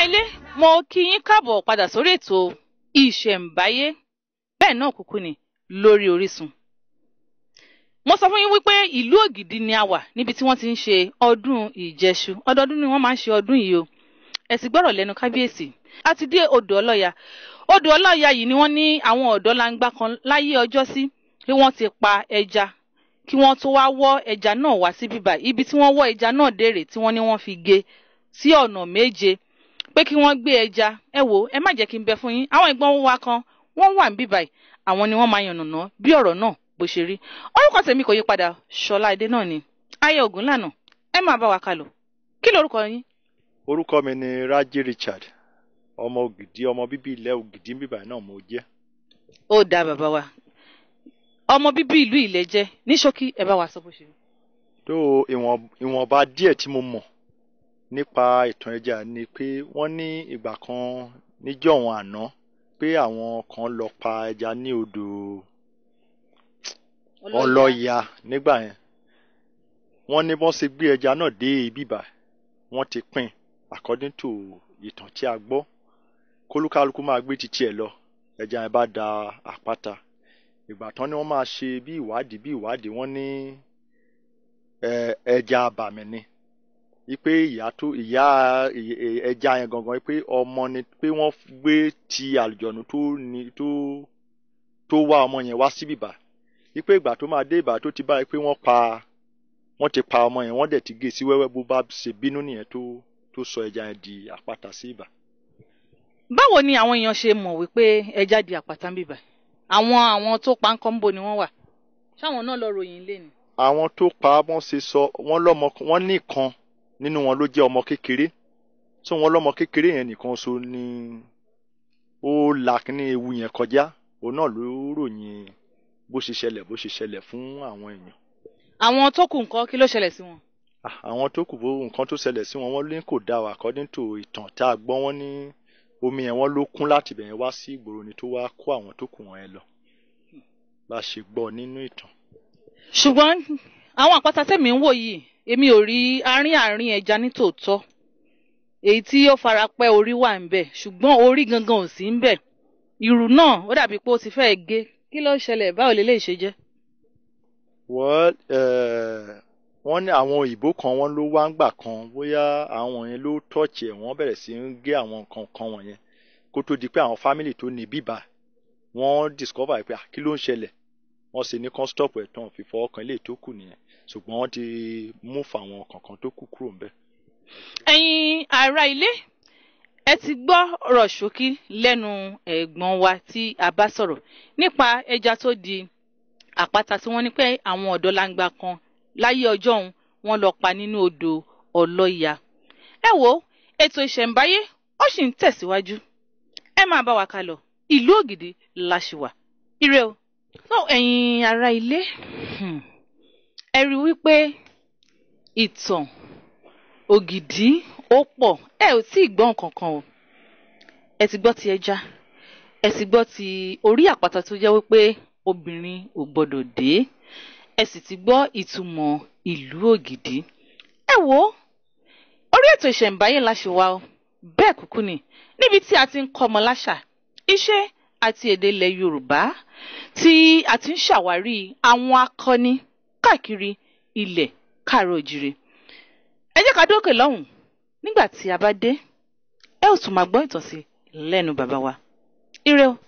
ará ilé mo kí yín káàbọ̀ padà sórí ètò ìṣẹ̀ǹbáyé bẹ́ẹ̀ náà kúkú ni lórí Orísun. mo sọ fún yín wípé ìlú Ògìdì ni a wà níbi tí wọ́n ti ń ṣe ọdún ìjẹṣu ọdọọdún ni wọ́n máa ń ṣe ọdún yìí o ẹ sì gbọ́rọ̀ lẹ́nu kábíyèsí a ti dé odò ọlọ́ya odò ọlọ́ya yìí ni wọ́n ní àwọn ọ̀dọ́ langba kan láyé ọjọ́ sí pé wọ́n ti pa ẹja kí wọ́n tó wá wọ́ ẹja náà wá sí bíbá ibi tí wọ́n wọ́ ẹja náà dèrè tí wọ́n ní wọ́n fi gé sí ọ̀nà méje pé kí wọ́n gbé ẹja ẹ wò ẹ má jẹ́ kí n bẹ fún yín àwọn ìgbọ́n wa kan wọ́n wà ń bíbáyì àwọn ni wọ́n máa yànnàná bí ọ̀rọ̀ náà bó ṣe rí orúkọ tèmi kò yí padà ṣọlá adé náà ni ayé ògúnlànà ẹ máa bá wa kalọ̀ kí lorúkọ yín. orúkọ mi ni Rájí Richard ọmọ ògìdì ọmọ bíbí ilẹ̀ ògìdì bíbáyì náà mo jẹ́. ó dáa bàbá wa ọmọ bíbí ìlú ilẹ̀ jẹ́ ní ṣókí ẹ bá wa sọ bó ṣe rí. tó ìwọ̀nba díẹ̀ tí mo mọ̀ nípa ìtàn ẹja ni pé wọ́n ní ìgbà kan níjọ́hun àná pé àwọn kan lọ pa ẹja ní odò ọlọ́ya nígbà yẹn wọ́n ní wọ́n ṣe gbé ẹja náà dé ibìbà wọ́n ti pín according to ìtàn tí a gbọ́ kólúkálukú máa gbé títí ẹ̀ lọ ẹja yẹn bá da àpáta ìgbà tán ni wọ́n máa ṣe bí ìwádìí bí ìwádìí wọ́n ní ẹja abàmì ni ipe ìyá tó ìyá ẹja yẹn gangan pé ọmọ ni pé wọ́n gbé ti àlùjọ̀nù tó ni tó tó wá ọmọ yẹn wá síbì bá ipe ìgbà tó máa dé ìbá tó ti báyìí pé wọ́n pa wọ́n ti pa ọmọ yẹn wọ́n dẹ̀ ti gé e sí wẹ́wẹ́ bó bá ṣe bínú nìyẹn tó tó sọ ẹja yẹn di àpáta sí ìbá. báwo ni àwọn èèyàn ṣe mọ̀ wípé ẹja di àpáta ń bìbà àwọn àwọn tó pa ń kọ́ ń bo ni wọ́n wà ṣáwọn náà lọ ròyìn lé ni. àwọn tó pa wọ́n ṣe sọ wọ́n lọ́mọ wọ́n ní kan nínú wọn ló jẹ́ ọmọ kékeré tó wọn lọ́mọ kékeré yẹn nìkan so ni ó là kíní ewu yẹn kọjá òun náà ló ròyìn bó ṣe ṣẹlẹ̀ bó ṣe ṣẹlẹ̀ fún àwọn èèyàn. àwọn tó kù nǹkan kí ló ṣẹlẹ̀ sí wọn. Ah, àwọn tó kù nǹkan tó ṣẹlẹ̀ sí wọn wọ́n ní kò dá wa according to ìtàn tá a gbọ́ wọ́n ní omi yẹn wọ́n ló kún láti bẹ̀yẹn wá sí ìgboro ni tó wá kó àwọn tó kù wọn yẹn lọ bá a ṣe gbọ́ nínú ìtàn. ṣùgbọ́n àwọn àpáta tèmi ń wò yìí èmi ò rí àárín àárín ẹja nítòótọ́ èyí tí ó fara pẹ́ orí wà ń bẹ̀ ṣùgbọ́n orí gangan ò sí ń bẹ̀ ìrù náà ó dàbí pé ó ti fẹ́ gé kí ló ṣẹlẹ̀ báwo lè lè ṣe jẹ́. wọ́n eh, wọ́n ní àwọn òyìnbó kan wọ́n ló wá ń gbà kan bóyá àwọn yẹn ló tọ́ọ̀chì ẹ̀ wọ́n bẹ̀rẹ̀ sí ń gé àwọn nǹkan kan wọ̀nyẹn kó tó di pé àwọn fámìlì tó ní bíbá wọ́n discover pé ah, kí ló ń ṣẹlẹ̀ wọ́n ṣe ní kọ́ńtọ́pù ẹ̀ tán fífọ ọkàn ilé tó kù nìyẹn ṣùgbọ́n wọ́n ti mú fáwọn kọ̀ọ̀kan tó kù kúrò ńbẹ̀. ẹ̀yin ará ilé ẹ ti gbọ́ ọ̀rọ̀ ṣókí lẹ́nu ẹ̀gbọ́n wa tí a bá sọ̀rọ̀ nípa ẹja tó di àpáta tí wọ́n ní pé àwọn ọ̀dọ́langba kan láyé ọjọ́ òun wọ́n lọ pa nínú odò ọlọ́ya. ẹ wo ètò ìṣẹ̀ǹbáyé ó sì ń tẹ̀síwájú ẹ máa bá wa kálọ ìlú ògìdì la ṣì wà ire o so ẹ̀yin ará ilé hmm, ẹ rí i wípé ìtàn ògìdì ó pọ̀ ẹ ò tí ì gbọ́ nǹkankan o ẹ ti gbọ́ ti ẹja ẹ sì gbọ́ ti orí àpáta tó jẹ́ wípé obìnrin ò gbọ́dọ̀ dé ẹ sì ti gbọ́ ìtumọ̀ ìlú ògìdì ẹ wò ó orí ètò ìṣẹ̀ǹbáyé la ṣe wà o bẹ́ẹ̀ kúkú ni níbi tí a ti ń kọ́ ọmọ láṣà iṣẹ́ àti èdè ilẹ̀ yorùbá tí a ti ń ṣàwárí àwọn akọni káàkiri ilẹ̀ káàrọ̀ òjìrè ẹ jẹ́ ká dókè lọ́hùn nígbà tí a bá dé ẹ ó tún máa gbọ́ ìtàn lẹ́nu bàbá wa ire o.